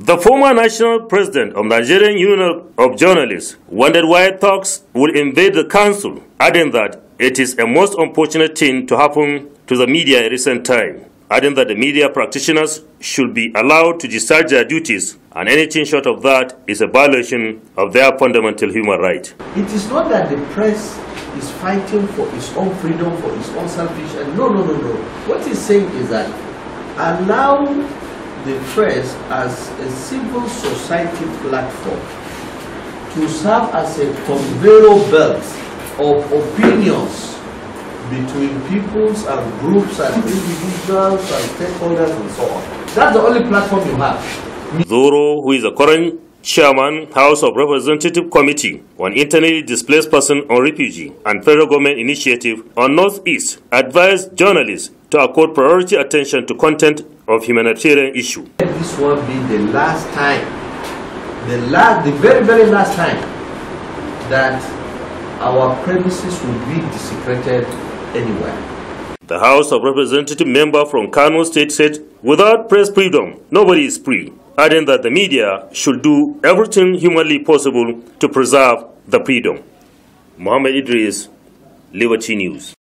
The former national president of Nigerian Union of Journalists wondered why talks would invade the council, adding that it is a most unfortunate thing to happen to the media in recent time, adding that the media practitioners should be allowed to discharge their duties, and anything short of that is a violation of their fundamental human right. It is not that the press is fighting for its own freedom, for its own salvation. no, no, no, no. What he's saying is that allow the press as a civil society platform to serve as a conveyor belt of opinions between peoples and groups and individuals and stakeholders and so on. That's the only platform you have. Zoro, who is the current chairman, House of Representative Committee on Internally Displaced Person on Refugee and Federal Government Initiative on Northeast, advised journalists to accord priority attention to content of humanitarian issue. This will be the last time, the last, the very, very last time that our premises will be desecrated anywhere. The House of Representative member from Kano State said, without press freedom, nobody is free, adding that the media should do everything humanly possible to preserve the freedom. Muhammad Idris, Liberty News.